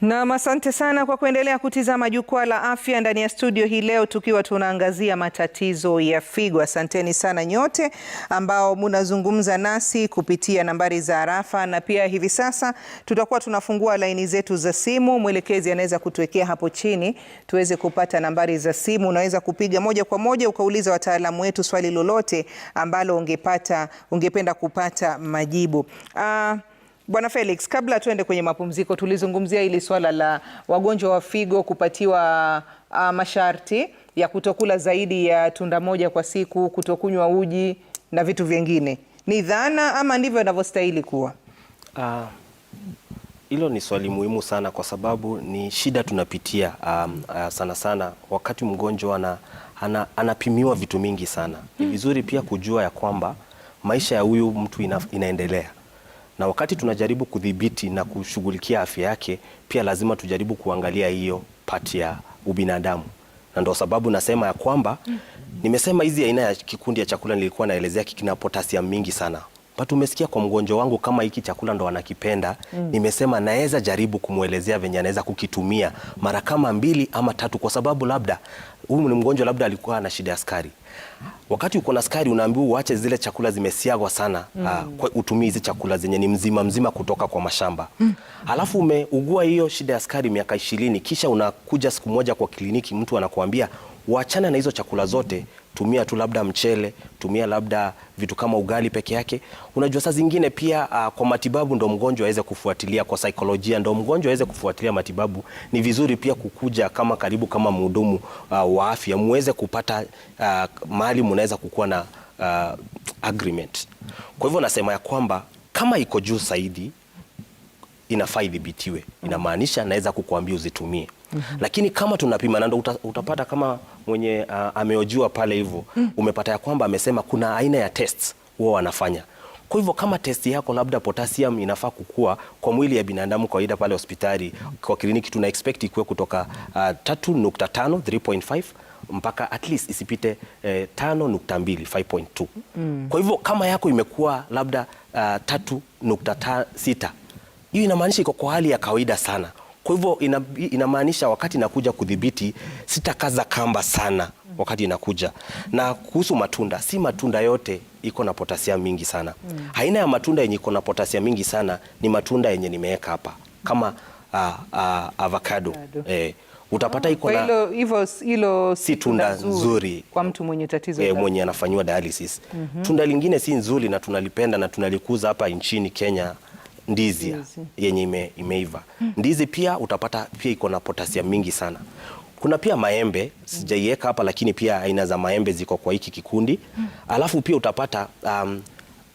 Nam, asante sana kwa kuendelea kutizama Jukwaa la Afya ndani ya studio hii leo, tukiwa tunaangazia matatizo ya figo. Asanteni sana nyote ambao mnazungumza nasi kupitia nambari za arafa, na pia hivi sasa tutakuwa tunafungua laini zetu za simu. Mwelekezi anaweza kutuwekea hapo chini tuweze kupata nambari za simu. Unaweza kupiga moja kwa moja ukauliza wataalamu wetu swali lolote ambalo ungepata ungependa kupata majibu uh, Bwana Felix, kabla tuende kwenye mapumziko, tulizungumzia hili swala la wagonjwa wa figo kupatiwa uh, masharti ya kutokula zaidi ya tunda moja kwa siku, kutokunywa uji na vitu vingine. Ni dhana ama ndivyo inavyostahili kuwa? Ah, hilo uh, ni swali muhimu sana kwa sababu ni shida tunapitia um, uh, sana sana wakati mgonjwa ana, ana, anapimiwa vitu mingi sana. Ni vizuri pia kujua ya kwamba maisha ya huyu mtu ina, inaendelea na wakati tunajaribu kudhibiti na kushughulikia afya yake, pia lazima tujaribu kuangalia hiyo pati ya ubinadamu, na ndio sababu nasema ya kwamba nimesema hizi aina ya kikundi ya chakula nilikuwa naelezea kina potassium mingi sana but umesikia kwa mgonjwa wangu kama hiki chakula ndo anakipenda mm. Nimesema naweza jaribu kumwelezea venye anaweza kukitumia mara kama mbili ama tatu, kwa sababu labda huyu ni mgonjwa labda alikuwa na shida ya sukari Wakati uko na sukari unaambiwa uache zile chakula zimesiagwa sana mm. Uh, utumie hizi chakula zenye ni mzima mzima kutoka kwa mashamba mm. Alafu umeugua hiyo shida ya sukari miaka ishirini, kisha unakuja siku moja kwa kliniki, mtu anakuambia uachane na hizo chakula zote, tumia tu labda mchele, tumia labda vitu kama ugali peke yake. Unajua saa zingine pia uh, kwa matibabu ndo mgonjwa aweze kufuatilia, kwa saikolojia ndo mgonjwa aweze kufuatilia matibabu. Ni vizuri pia kukuja kama karibu kama mhudumu uh, wa afya muweze kupata uh, mahali mnaweza kukuwa na uh, agreement. Kwa hivyo nasema ya kwamba kama iko juu zaidi inafaa idhibitiwe, inamaanisha naweza kukuambia uzitumie. mm -hmm. Lakini kama tunapima na ndo utapata kama mwenye uh, ah, ameojua pale hivyo mm. umepata ya kwamba amesema kuna aina ya tests wao wanafanya. Kwa hivyo kama test yako labda potassium inafaa kukua kwa mwili ya binadamu kawaida pale hospitali kwa kliniki tuna expect ikuwe kutoka uh, 3.5 3.5 mpaka at least isipite eh, 5.2 5.2. Mm. Kwa hivyo kama yako imekuwa labda uh, ah, 3.6 hiyo inamaanisha iko kwa hali ya kawaida sana. Kwa hivyo ina, inamaanisha wakati inakuja kudhibiti, sitakaza kamba sana wakati inakuja. Na kuhusu matunda, si matunda yote iko na potasia mingi sana. Aina ya matunda yenye iko na potasia mingi sana ni matunda yenye nimeweka hapa kama a ah, a, ah, avocado eh, utapata ah, iko na hilo si tunda nzuri kwa mtu mwenye tatizo e, mwenye anafanyiwa dialysis. Mm -hmm. Tunda lingine si nzuri na tunalipenda na tunalikuza hapa nchini Kenya ndizi, yenye ime, imeiva hmm. Ndizi pia utapata pia iko na potassium mingi sana. Kuna pia maembe sijaiweka hapa, lakini pia aina za maembe ziko kwa hiki kikundi hmm. Alafu pia utapata um,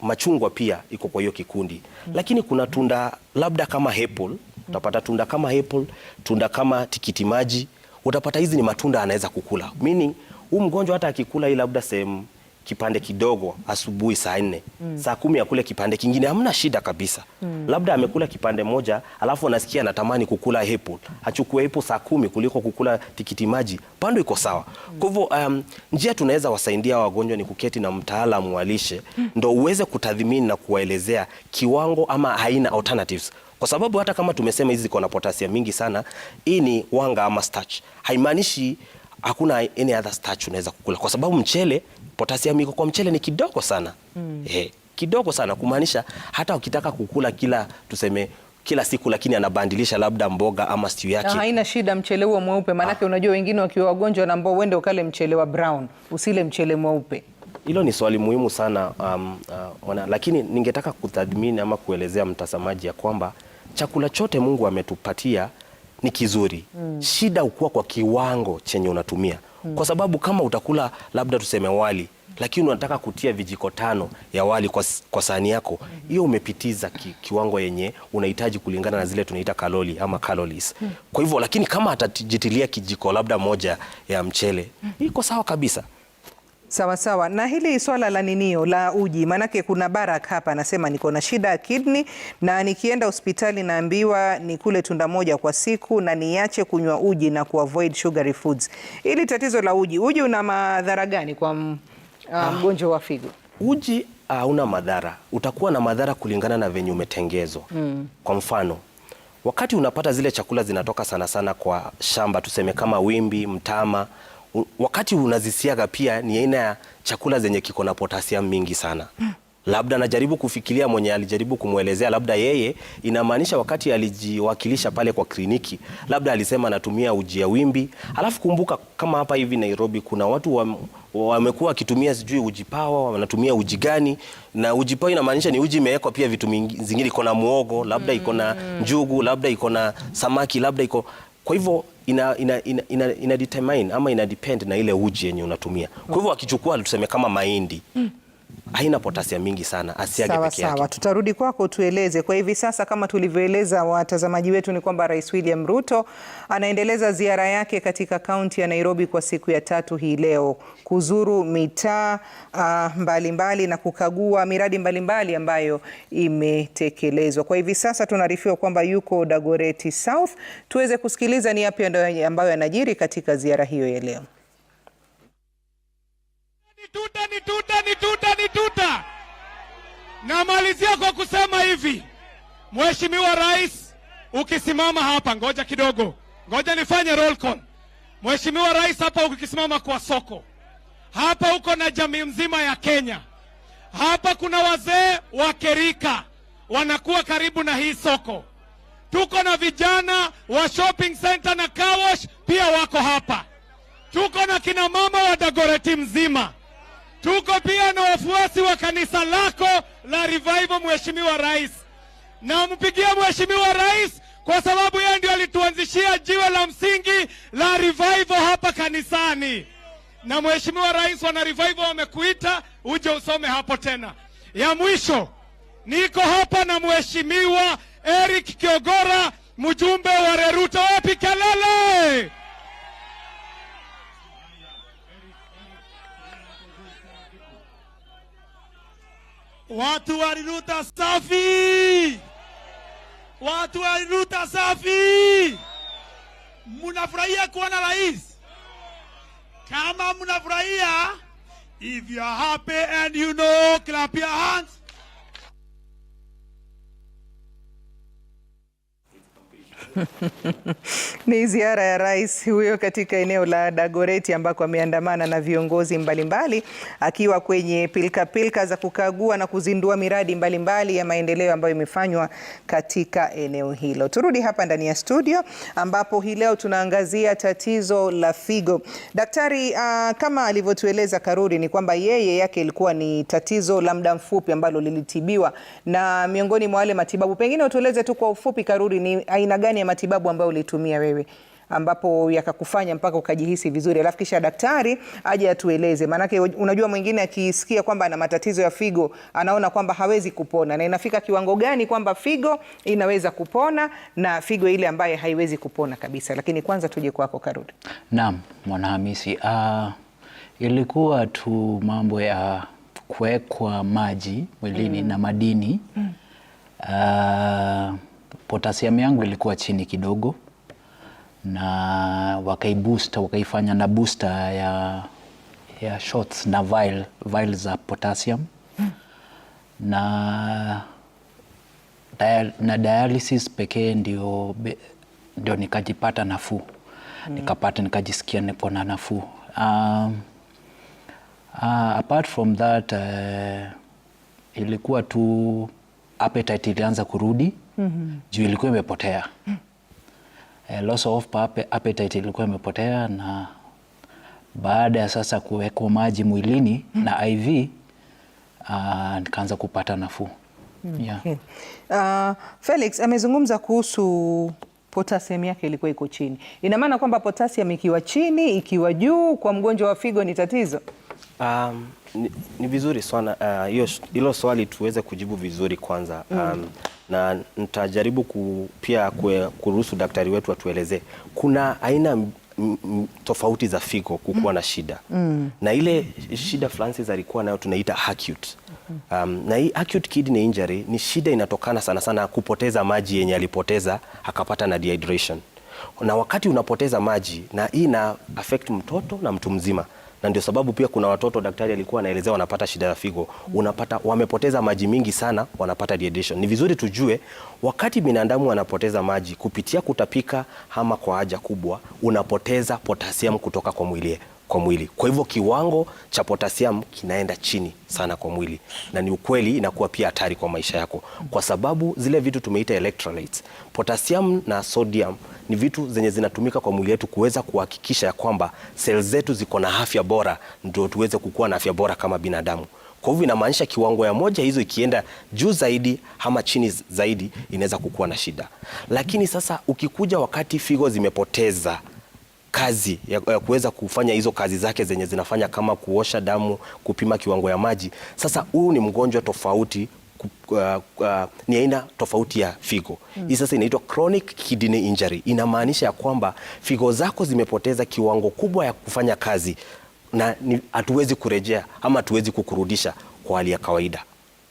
machungwa pia iko kwa hiyo kikundi hmm. Lakini kuna tunda labda kama apple utapata tunda kama apple, tunda kama tikiti maji utapata. Hizi ni matunda anaweza kukula, meaning huu mgonjwa hata akikula hii labda sehemu kipande kidogo asubuhi saa nne mm. saa kumi akule kipande kingine, hamna shida kabisa mm. labda amekula kipande moja alafu anasikia anatamani kukula apple, achukue apple saa kumi kuliko kukula tikiti maji, bado iko sawa mm. Kwa hivyo um, njia tunaweza wasaidia wagonjwa ni kuketi na mtaalamu wa lishe mm. ndo uweze kutathmini na kuwaelezea kiwango ama haina alternatives kwa sababu hata kama tumesema hizi ziko na potasia mingi sana, hii ni wanga ama starch, haimaanishi hakuna any other starch unaweza kukula, kwa sababu mchele Potassium iko kwa mchele ni kidogo sana mm. Eh, kidogo sana kumaanisha hata ukitaka kukula kila tuseme kila siku lakini anabandilisha labda mboga ama stew yake, haina shida mchele huo mweupe maanake, ah. unajua wengine wakiwa wagonjwa na mboga uende ukale mchele wa brown, usile mchele mweupe. Hilo ni swali muhimu sana um, uh, ona, lakini ningetaka kutathmini ama kuelezea mtazamaji ya kwamba chakula chote Mungu ametupatia ni kizuri mm. Shida ukuwa kwa kiwango chenye unatumia. Hmm. Kwa sababu kama utakula labda tuseme wali lakini unataka kutia vijiko tano ya wali kwa, kwa sahani yako hiyo, umepitiza ki, kiwango yenye unahitaji kulingana na zile tunaita kalori ama calories. Hmm. Kwa hivyo, lakini kama atajitilia kijiko labda moja ya mchele hmm. iko sawa kabisa. Sawa sawa. Na hili swala la ninio la uji, maanake kuna Barak hapa anasema niko na shida ya kidney na nikienda hospitali naambiwa ni kule tunda moja kwa siku na niache kunywa uji na kuavoid sugary foods. Hili tatizo la uji, uji una madhara gani kwa mm, ah, ah. mgonjwa wa figo? Uji ah, hauna ah, madhara. Utakuwa na madhara kulingana na venye umetengezwa mm. Kwa mfano wakati unapata zile chakula zinatoka sana sana kwa shamba, tuseme kama wimbi, mtama wakati unazisiaga pia ni aina ya chakula zenye kiko na potassium mingi sana mm. Labda najaribu kufikiria mwenye alijaribu kumwelezea, labda yeye inamaanisha wakati alijiwakilisha pale kwa kliniki, labda alisema anatumia uji ya wimbi. Alafu kumbuka kama hapa hivi Nairobi kuna watu wamekuwa wakitumia sijui uji pawa, wanatumia uji gani? Na uji pawa inamaanisha ni uji imewekwa pia vitu zingine, iko na muogo, labda iko na mm. njugu, labda iko na samaki, labda iko kwa hivyo ina, ina, ina, ina, ina determine ama ina depend na ile uji yenye unatumia. Kwa hivyo wakichukua tuseme kama mahindi mm haina potasia mingi sana, asiage peke yake. Sawa, tutarudi kwako tueleze. Kwa hivi sasa kama tulivyoeleza watazamaji wetu ni kwamba Rais William Ruto anaendeleza ziara yake katika kaunti ya Nairobi kwa siku ya tatu hii leo kuzuru mitaa uh, mbalimbali na kukagua miradi mbalimbali mbali ambayo imetekelezwa. Kwa hivi sasa tunaarifiwa kwamba yuko Dagoretti South, tuweze kusikiliza ni yapi ambayo yanajiri katika ziara hiyo ya leo. Aden Tuta. Namalizia kwa kusema hivi, Mheshimiwa Rais, ukisimama hapa, ngoja kidogo, ngoja nifanye roll call. Mheshimiwa Rais, hapa ukisimama kwa soko hapa, uko na jamii mzima ya Kenya hapa, kuna wazee wa Kerika wanakuwa karibu na hii soko, tuko na vijana wa shopping center na Kawash pia wako hapa, tuko na kinamama wa Dagoreti mzima Tuko pia na wafuasi wa kanisa lako la Revival, Mheshimiwa Rais. Nampigia Mheshimiwa Rais kwa sababu yeye ndio alituanzishia jiwe la msingi la Revival hapa kanisani. Na Mheshimiwa Rais, wana Revival wamekuita uje usome hapo tena. Ya mwisho, niko hapa na Mheshimiwa Eric Kiogora, mjumbe wa Reruto. Wapi kelele! Watu wa Iruta safi! Watu wa Iruta safi! munafurahia kuona rais? Kama munafurahia if you are happy and you know, clap your hands. Ni ziara ya rais huyo katika eneo la Dagoreti ambako ameandamana na viongozi mbalimbali mbali, akiwa kwenye pilkapilka za kukagua na kuzindua miradi mbalimbali mbali ya maendeleo ambayo imefanywa katika eneo hilo. Turudi hapa ndani ya studio ambapo hii leo tunaangazia tatizo la figo. Daktari, uh, kama alivyotueleza Karuri ni kwamba yeye yake ilikuwa ni tatizo la muda mfupi ambalo lilitibiwa na miongoni mwa wale matibabu, pengine utueleze tu kwa ufupi Karuri, ni aina gani ya matibabu ambayo ulitumia wewe ambapo yakakufanya mpaka ukajihisi vizuri, alafu kisha daktari aje atueleze. Maanake unajua mwingine akisikia kwamba ana matatizo ya figo anaona kwamba hawezi kupona, na inafika kiwango gani kwamba figo inaweza kupona na figo ile ambaye haiwezi kupona kabisa. Lakini kwanza tuje kwako Karudi. Naam, Mwanahamisi, uh, ilikuwa tu mambo ya kuwekwa maji mwilini mm. na madini mm. uh, potassium yangu ilikuwa chini kidogo, na wakaibusta wakaifanya na booster ya, ya shots na vial, vial za potassium mm. na, na dialysis pekee ndio, ndio nikajipata nafuu mm. nikapata nikajisikia niko na nafuu um, Uh, apart from that uh, ilikuwa tu appetite ilianza kurudi mm -hmm. juu ilikuwa imepotea mm -hmm. loss of appetite ilikuwa imepotea, na baada ya sasa kuwekwa maji mwilini mm -hmm. na IV uh, ah, nikaanza kupata nafuu -hmm. yeah. Uh, Felix amezungumza kuhusu potassium yake ilikuwa iko chini. Ina maana kwamba potassium ikiwa chini, ikiwa juu, kwa mgonjwa wa figo ni tatizo? Um, ni, ni vizuri sana uh, hilo uh, swali tuweze kujibu vizuri kwanza mm. um, mm na nitajaribu ku, pia kuruhusu daktari wetu atuelezee kuna aina tofauti za figo kukuwa na shida mm. na ile shida Francis alikuwa nayo tunaita acute. Um, na hii acute kidney injury ni shida inatokana sana sana kupoteza maji yenye alipoteza akapata na dehydration, na wakati unapoteza maji na hii ina affect mtoto na mtu mzima na ndio sababu pia kuna watoto daktari alikuwa anaelezea wanapata shida ya figo, unapata wamepoteza maji mingi sana, wanapata dehydration. Ni vizuri tujue wakati binadamu anapoteza maji kupitia kutapika ama kwa haja kubwa, unapoteza potassium kutoka kwa mwili kwa mwili. Kwa hivyo kiwango cha potasiamu kinaenda chini sana kwa mwili, na ni ukweli inakuwa pia hatari kwa maisha yako, kwa sababu zile vitu tumeita electrolytes. potassium na sodium ni vitu zenye zinatumika kwa mwili wetu kuweza kuhakikisha ya kwamba seli zetu ziko na afya bora, ndio tuweze kukua na afya bora kama binadamu. Kwa hivyo inamaanisha kiwango ya moja hizo ikienda juu zaidi ama chini zaidi inaweza kukuwa na shida, lakini sasa ukikuja wakati figo zimepoteza kazi ya, ya kuweza kufanya hizo kazi zake zenye zinafanya kama kuosha damu, kupima kiwango ya maji. Sasa huyu ni mgonjwa tofauti Uh, uh, ni aina tofauti ya figo hmm. hii Sasa inaitwa chronic kidney injury, inamaanisha ya kwamba figo zako zimepoteza kiwango kubwa ya kufanya kazi na hatuwezi kurejea ama hatuwezi kukurudisha kwa hali ya kawaida,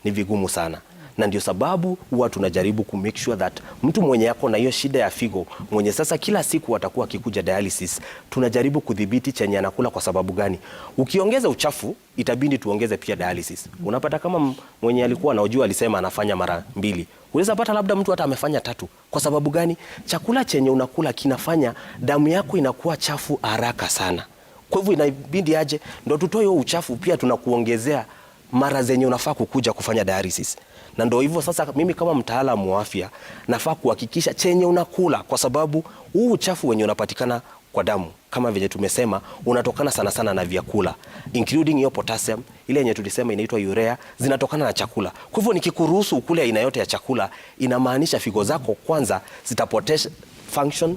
ni vigumu sana na ndio sababu huwa tunajaribu ku make sure that mtu mwenye yako na hiyo shida ya figo mwenye sasa kila siku atakuwa akikuja dialysis, tunajaribu kudhibiti chenye anakula. Kwa sababu gani? Ukiongeza uchafu itabidi tuongeze pia dialysis. Unapata kama mwenye alikuwa anaojua alisema anafanya mara mbili, unaweza pata labda mtu hata amefanya tatu. Kwa sababu gani? Chakula chenye unakula kinafanya damu yako inakuwa chafu haraka sana. Kwa hivyo inabidi aje ndo tutoe huo uchafu, pia tunakuongezea mara zenye unafaa kukuja kufanya dialysis na ndio hivyo sasa, mimi kama mtaalamu wa afya nafaa kuhakikisha chenye unakula, kwa sababu huu uchafu wenye unapatikana kwa damu kama vile tumesema unatokana sana sana na vyakula including hiyo potassium ile yenye tulisema inaitwa urea, zinatokana na chakula. Kwa hivyo nikikuruhusu ukule aina yote ya chakula, inamaanisha figo zako kwanza zitapoteza function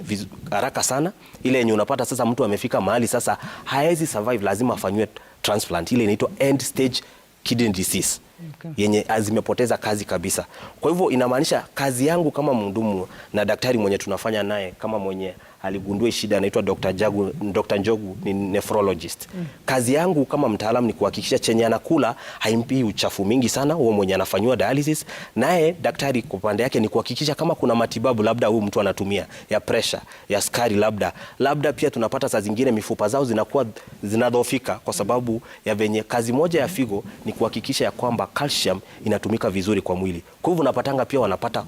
haraka sana, ile yenye unapata sasa, mtu amefika mahali sasa haezi survive, lazima afanywe transplant, ile inaitwa end stage kidney disease okay, yenye ah, zimepoteza kazi kabisa. Kwa hivyo inamaanisha kazi yangu kama mhudumu na daktari mwenye tunafanya naye kama mwenye aligundua shida, anaitwa Dr. Jagu, Dr. Njogu ni nephrologist. Mm. Kazi yangu kama mtaalamu ni kuhakikisha chenye anakula haimpi uchafu mingi sana huo mwenye anafanywa dialysis, naye daktari kwa pande yake ni kuhakikisha kama kuna matibabu labda huyu mtu anatumia ya pressure, ya sukari labda. Labda pia tunapata saa zingine mifupa zao zinakuwa zinadhoofika kwa sababu ya venye kazi moja ya figo ni kuhakikisha ya kwamba calcium inatumika vizuri kwa mwili. Kwa hivyo unapatanga pia wanapata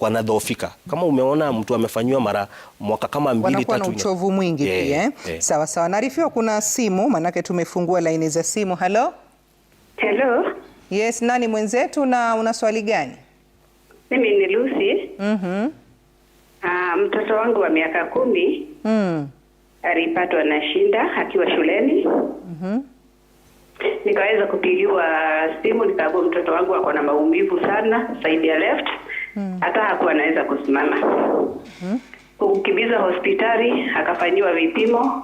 wanadhoofika. Kama umeona mtu amefanyiwa mara mwaka kama mbili tatu, wanakuwa na uchovu mwingi pia yeah, yeah. yeah. Sawa sawa, naarifiwa kuna simu, maanake tumefungua laini za simu. Halo, hello. Yes, nani mwenzetu na una swali gani? Mimi ni Lucy. Mhm. Ah, mtoto wangu wa miaka kumi mm. alipatwa na shinda akiwa shuleni mm -hmm. Nikaweza kupigiwa simu nikaambia mtoto wangu ako na maumivu sana side ya left Hmm. hata hakuwa anaweza kusimama. Hmm. Kukimbiza hospitali akafanyiwa vipimo,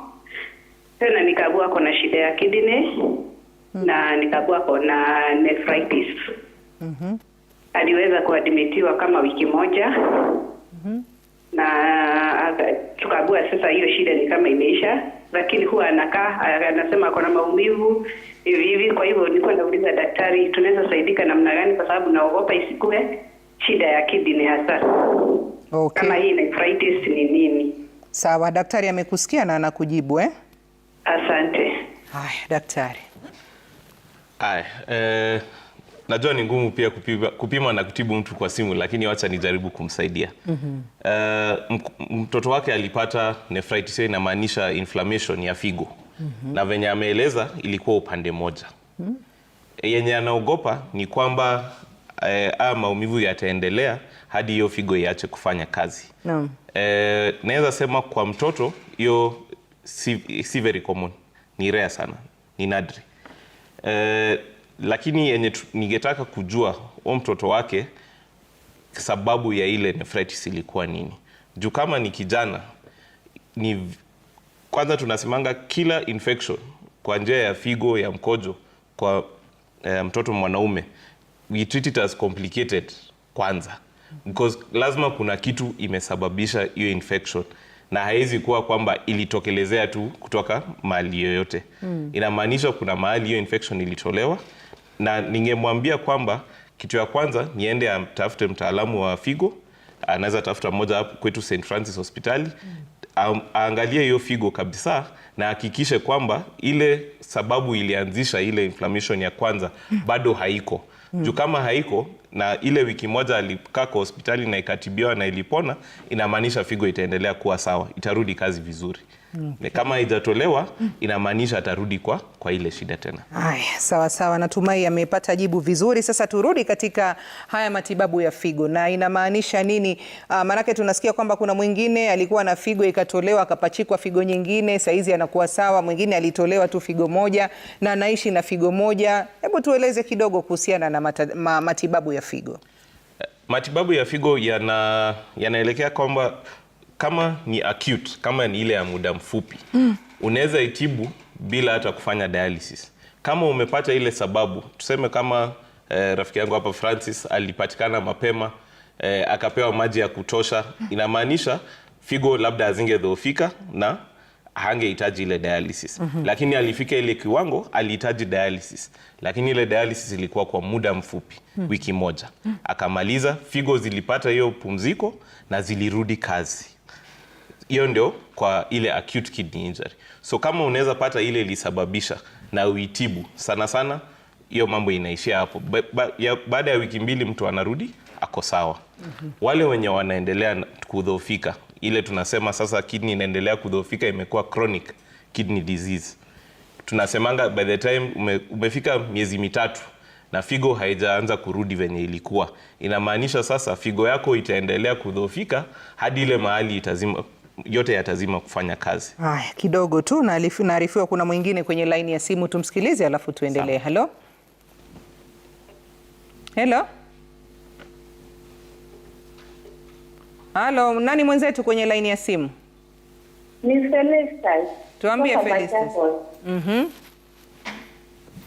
tena nikagua kona shida ya hmm. na nikagua kona nephritis. Mhm. Aliweza kuadmitiwa kama wiki moja mhm. na ah, tukagua sasa hiyo shida ni kama imeisha, lakini huwa anakaa anasema ako na maumivu hivi hivi. Kwa hivyo nilikuwa nauliza daktari, tunaweza saidika namna gani? Kwa sababu naogopa isikue shida ya kidney hasa. Okay. Kama hii nephritis ni nini? Sawa, daktari amekusikia na anakujibu eh? Asante. Haya, daktari. Haya, eh, najua ni ngumu pia kupima, kupima na kutibu mtu kwa simu lakini wacha nijaribu kumsaidia. Mm -hmm. Uh, mtoto wake alipata nephritis inamaanisha inflammation ya figo. Mm -hmm. Na venye ameeleza ilikuwa upande moja. Mm -hmm. Yenye anaogopa ni kwamba eh, haya maumivu yataendelea hadi hiyo figo iache kufanya kazi. Naam. Eh, naweza sema kwa mtoto hiyo si, si very common, ni rare sana, ni nadri eh, lakini yenye ningetaka kujua huo mtoto wake sababu ya ile nephritis ilikuwa nini, juu kama ni kijana ni kwanza tunasemanga kila infection kwa njia ya figo ya mkojo kwa eh, mtoto mwanaume we treat it as complicated kwanza because lazima kuna kitu imesababisha hiyo infection na haiwezi kuwa kwamba ilitokelezea tu kutoka mahali yoyote mm. Inamaanisha kuna mahali hiyo infection ilitolewa, na ningemwambia kwamba kitu ya kwanza niende amtafute mtaalamu wa figo, anaweza tafuta mmoja hapo kwetu St Francis hospitali mm. Aangalie hiyo figo kabisa na hakikishe kwamba ile sababu ilianzisha ile inflammation ya kwanza hmm. bado haiko mm. Juu hmm. kama haiko na ile wiki moja alikaa kwa hospitali na ikatibiwa na ilipona, inamaanisha figo itaendelea kuwa sawa, itarudi kazi vizuri okay. Kama haijatolewa inamaanisha atarudi kwa, kwa ile shida tena. Aya, sawa sawa, natumai amepata jibu vizuri. Sasa turudi katika haya matibabu ya figo na inamaanisha nini? Uh, maanake tunasikia kwamba kuna mwingine alikuwa na figo ikatolewa akapachikwa figo nyingine, saizi anakuwa sawa. Mwingine alitolewa tu figo moja na anaishi na figo moja. Hebu tueleze kidogo kuhusiana na mata, ma, matibabu ya figo. Eh, matibabu ya figo yana yanaelekea kwamba kama ni acute, kama ni ile ya muda mfupi mm. unaweza itibu bila hata kufanya dialysis. Kama umepata ile sababu, tuseme kama eh, rafiki yangu hapa Francis alipatikana mapema eh, akapewa maji ya kutosha, inamaanisha figo labda hazingedhoofika na hangehitaji ile dialysis mm -hmm. Lakini alifika ile kiwango, alihitaji dialysis, lakini ile dialysis ilikuwa kwa muda mfupi mm. wiki moja mm. akamaliza, figo zilipata hiyo pumziko na zilirudi kazi hiyo ndio kwa ile acute kidney injury. So kama unaweza pata ile ilisababisha na uitibu sana sana, hiyo mambo inaishia hapo. Ba, ba, ya, baada ya wiki mbili mtu anarudi ako sawa. mm -hmm. Wale wenye wanaendelea kudhoofika, ile tunasema sasa kidney inaendelea kudhoofika, imekuwa chronic kidney disease, tunasemanga by the time ume, umefika miezi mitatu na figo haijaanza kurudi venye ilikuwa, inamaanisha sasa figo yako itaendelea kudhoofika hadi ile mahali itazima yote yatazima kufanya kazi. Haya, kidogo tu naarifiwa kuna mwingine kwenye laini ya simu, tumsikilize alafu tuendelee. Halo, halo, halo, nani mwenzetu kwenye laini ya simu? Ni Felistas. Tuambie Felistas. Mhm.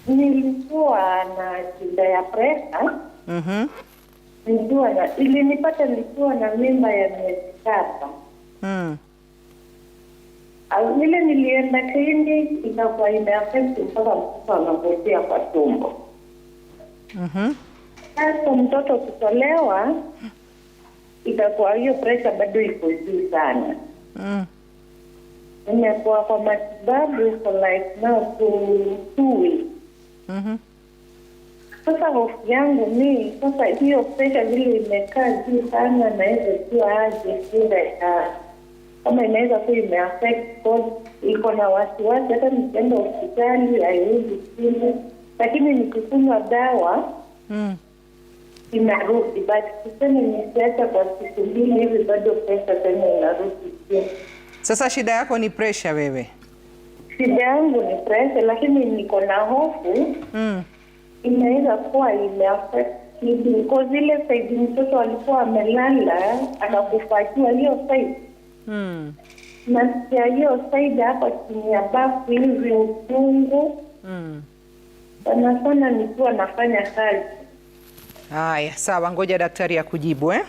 Nilikuwa na shida ya presha. Mhm. Nilikuwa na ili nipata nilikuwa na mimba ya miezi saba. Mhm vile nilienda kliniki inakuwa imeafekti mpaka mtoto anavutia kwa tumbo. mm Sasa mtoto kutolewa itakuwa hiyo presha bado iko juu sana. mm. Nimekuwa kwa matibabu for like now two, weeks. Mhm. Sasa hofu yangu mi sasa, hiyo presha vile imekaa juu sana, naweza jua aje shida ya kama inaweza kuwa imeaffect iko na wasiwasi, hata nikienda hospitali hairudi simu, lakini nikikunywa dawa mm. inarudi, but kuseme nikiacha kwa siku mbili hivi, bado pesa tena inarudi simu. Sasa shida yako ni presha wewe? Shida yangu ni presha, lakini niko na hofu mm. inaweza kuwa imeaffect kidney, because ile saidi mtoto alikuwa amelala akakufakiwa hiyo saidi mm. nasikia hiyo saidi hapa chini ya bafu hivi uchungu mm. sana sana nikiwa nafanya kazi. Haya, sawa, ngoja daktari akujibu eh?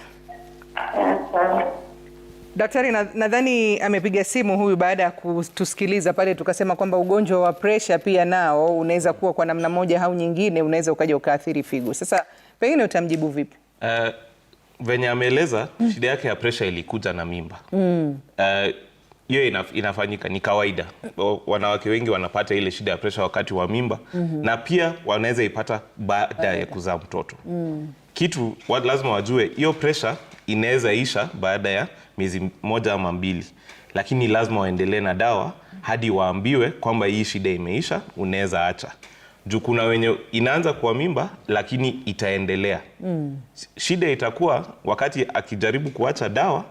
Daktari, nadhani amepiga simu huyu baada ya kutusikiliza pale, tukasema kwamba ugonjwa wa presha pia nao unaweza kuwa kwa namna moja au nyingine, unaweza ukaja ukaathiri figo. Sasa pengine utamjibu vipi? uh venye ameeleza mm. shida yake ya presha ilikuja na mimba mm. uh, hiyo inaf, inafanyika ni kawaida. Wanawake wengi wanapata ile shida ya presha wakati wa mimba mm -hmm. na pia wanaweza ipata baada ya kuzaa mtoto mm. kitu wa, lazima wajue hiyo presha inaweza isha baada ya miezi moja ama mbili, lakini lazima waendelee na dawa hadi waambiwe kwamba hii shida imeisha, unaweza acha juu kuna wenye inaanza kuwa mimba lakini itaendelea mm. Shida itakuwa wakati akijaribu kuacha dawa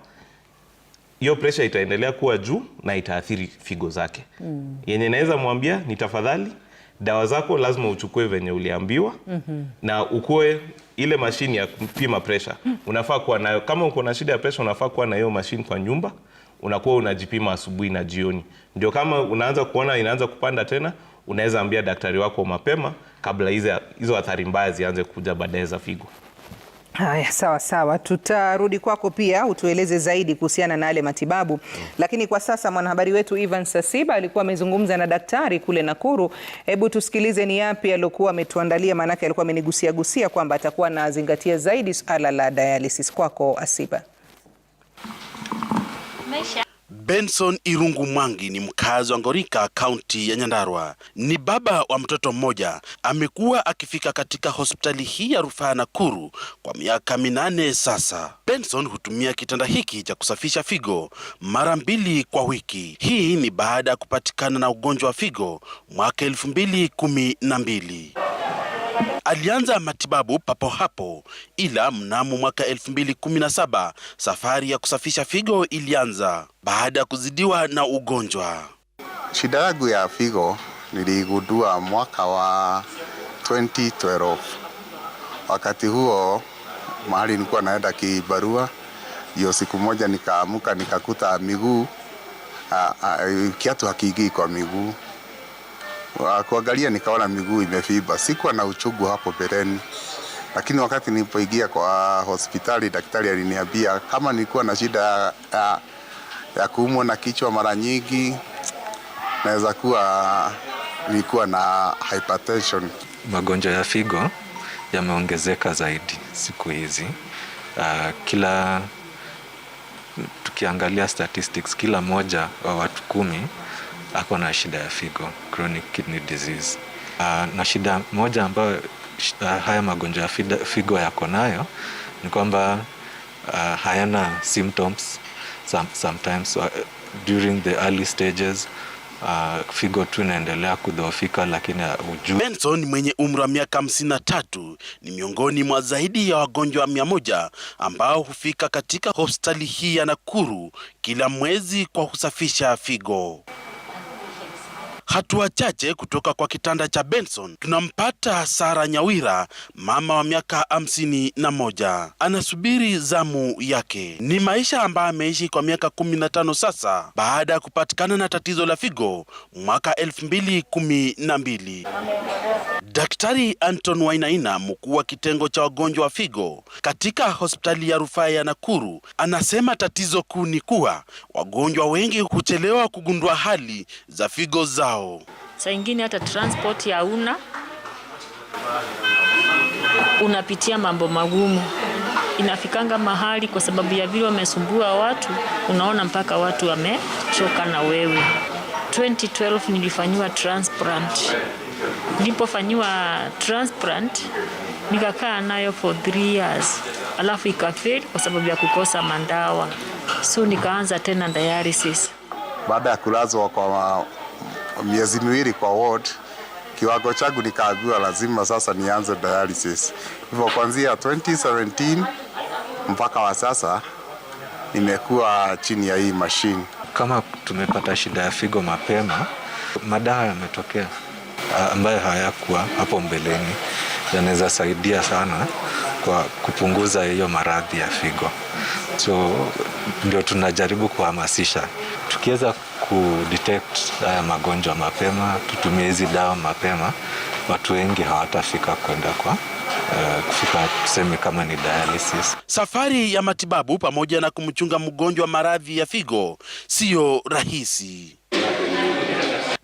hiyo, presha itaendelea kuwa juu na itaathiri figo zake mm. Yenye naweza mwambia ni tafadhali, dawa zako lazima uchukue venye uliambiwa mm -hmm. na ukue ile mashini ya kupima presha mm. Unafaa kuwa nayo kama uko na shida ya presha, unafaa kuwa na hiyo mashini kwa nyumba, unakuwa unajipima asubuhi na jioni, ndio kama unaanza kuona inaanza kupanda tena unaweza ambia daktari wako mapema kabla hizo athari mbaya zianze kuja baadaye za figo. Haya, sawa sawa, tutarudi kwako pia utueleze zaidi kuhusiana na yale matibabu mm. Lakini kwa sasa mwanahabari wetu Ivan Sasiba alikuwa amezungumza na daktari kule Nakuru. Hebu tusikilize ni yapi aliokuwa ametuandalia, maanake alikuwa amenigusia gusia kwamba atakuwa anazingatia zaidi suala la dialysis. Kwako Asiba Maisha. Benson Irungu Mwangi ni mkazi wa Ngorika, kaunti ya Nyandarua, ni baba wa mtoto mmoja. Amekuwa akifika katika hospitali hii ya rufaa ya Nakuru kwa miaka minane sasa. Benson hutumia kitanda hiki cha kusafisha figo mara mbili kwa wiki. Hii ni baada ya kupatikana na ugonjwa wa figo mwaka elfu mbili kumi na mbili. Alianza matibabu papo hapo, ila mnamo mwaka 2017 safari ya kusafisha figo ilianza baada ya kuzidiwa na ugonjwa. Shida yangu ya figo niligundua mwaka wa 2012. Wakati huo mahali nilikuwa naenda kibarua, hiyo siku moja nikaamka nikakuta miguu kiatu hakiingii kwa miguu Ah, kuangalia nikaona miguu imefiba Sikuwa na uchungu hapo mbeleni, lakini wakati nilipoingia kwa hospitali, daktari aliniambia kama nilikuwa na shida ya, ya, ya kuumwa na kichwa mara nyingi, naweza kuwa nilikuwa na hypertension. Magonjwa ya figo yameongezeka zaidi siku hizi. Uh, kila tukiangalia statistics, kila moja wa watu kumi ako na shida ya figo, chronic kidney disease. Uh, na shida moja ambayo ah, haya magonjwa ya figo yako nayo ni kwamba uh, hayana symptoms some, sometimes uh, during the early stages uh, figo tu inaendelea kudhoofika lakini hujui. Benson mwenye umri wa miaka hamsini na tatu ni miongoni mwa zaidi ya wagonjwa mia moja ambao hufika katika hospitali hii ya Nakuru kila mwezi kwa kusafisha figo. Hatua chache kutoka kwa kitanda cha Benson tunampata Sara Nyawira, mama wa miaka hamsini na moja, anasubiri zamu yake. Ni maisha ambayo ameishi kwa miaka kumi na tano sasa baada ya kupatikana na tatizo la figo mwaka elfu mbili kumi na mbili. Daktari Anton Wainaina, mkuu wa kitengo cha wagonjwa wa figo katika hospitali ya rufaa ya Nakuru, anasema tatizo kuu ni kuwa wagonjwa wengi huchelewa kugundua hali za figo zao zao. Saa ingine hata transport ya una unapitia mambo magumu, inafikanga mahali kwa sababu ya vile wamesumbua watu, unaona mpaka watu wamechoka na wewe. 2012 nilifanyiwa transplant, nilipofanyiwa transplant nikakaa nayo for 3 years, alafu ikafeli kwa sababu ya kukosa mandawa, so nikaanza tena dialysis baada ya kulazwa kwa miezi miwili kwa ward, kiwango changu nikaambiwa lazima sasa nianze dialysis. Hivyo kuanzia 2017 mpaka wa sasa nimekuwa chini ya hii machine. Kama tumepata shida ya figo mapema, madawa yametokea ambayo hayakuwa hapo mbeleni, yanaweza saidia sana kwa kupunguza hiyo maradhi ya figo, so ndio tunajaribu kuhamasisha tukiweza kudetect haya magonjwa mapema, tutumie hizi dawa mapema, watu wengi hawatafika kwenda kwa eh, kufika tuseme kama ni dialysis. Safari ya matibabu pamoja na kumchunga mgonjwa maradhi ya figo siyo rahisi.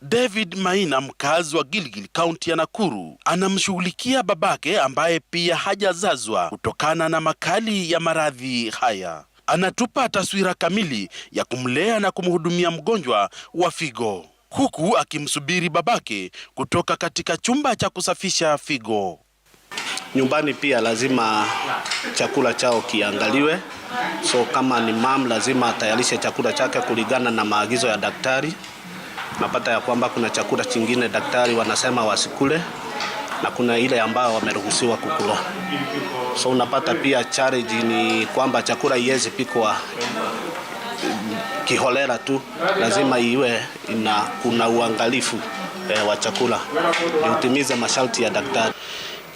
David Maina, mkazi wa Gilgil, kaunti ya Nakuru, anamshughulikia babake ambaye pia hajazazwa kutokana na makali ya maradhi haya anatupa taswira kamili ya kumlea na kumhudumia mgonjwa wa figo huku akimsubiri babake kutoka katika chumba cha kusafisha figo. Nyumbani pia lazima chakula chao kiangaliwe, so kama ni mam lazima atayarishe chakula chake kulingana na maagizo ya daktari. Napata ya kwamba kuna chakula chingine daktari wanasema wasikule na kuna ile ambao wameruhusiwa kukula. So unapata pia challenge ni kwamba chakula iwezi pikwa mm, kiholela tu, lazima iwe ina kuna uangalifu eh, wa chakula ni masharti ya daktari.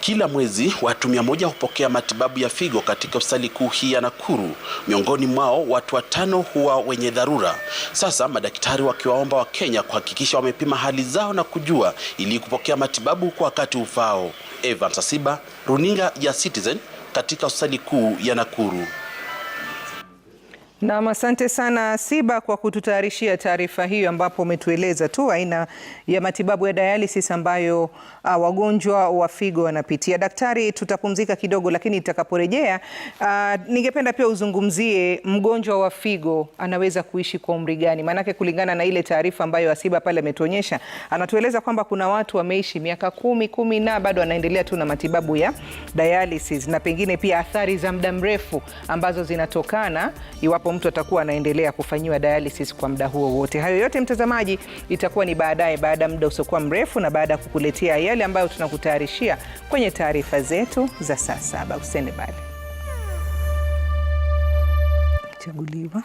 Kila mwezi watu mia moja hupokea matibabu ya figo katika hospitali kuu hii ya Nakuru. Miongoni mwao watu watano huwa wenye dharura. Sasa madaktari wakiwaomba Wakenya kuhakikisha wamepima hali zao na kujua ili kupokea matibabu kwa wakati ufao Evans Asiba, runinga ya Citizen katika hospitali kuu ya Nakuru. Nam, asante sana Siba kwa kututayarishia taarifa hiyo, ambapo umetueleza tu aina ya matibabu ya dialysis ambayo uh, wagonjwa wa figo wanapitia. Daktari, tutapumzika kidogo, lakini itakaporejea, uh, ningependa pia uzungumzie mgonjwa wa figo anaweza kuishi kwa umri gani? Maanake kulingana na ile taarifa ambayo Asiba pale ametuonyesha, anatueleza kwamba kuna watu wameishi miaka kumi kumi na bado anaendelea tu na matibabu ya dialysis, na pengine pia athari za muda mrefu ambazo zinatokana iwapo ambapo mtu atakuwa anaendelea kufanyiwa dialysis kwa muda huo wote. Hayo yote mtazamaji, itakuwa ni baadaye, baada ya muda usiokuwa mrefu, na baada ya kukuletea yale ambayo tunakutayarishia kwenye taarifa zetu za saa saba. Usende bali chaguliwa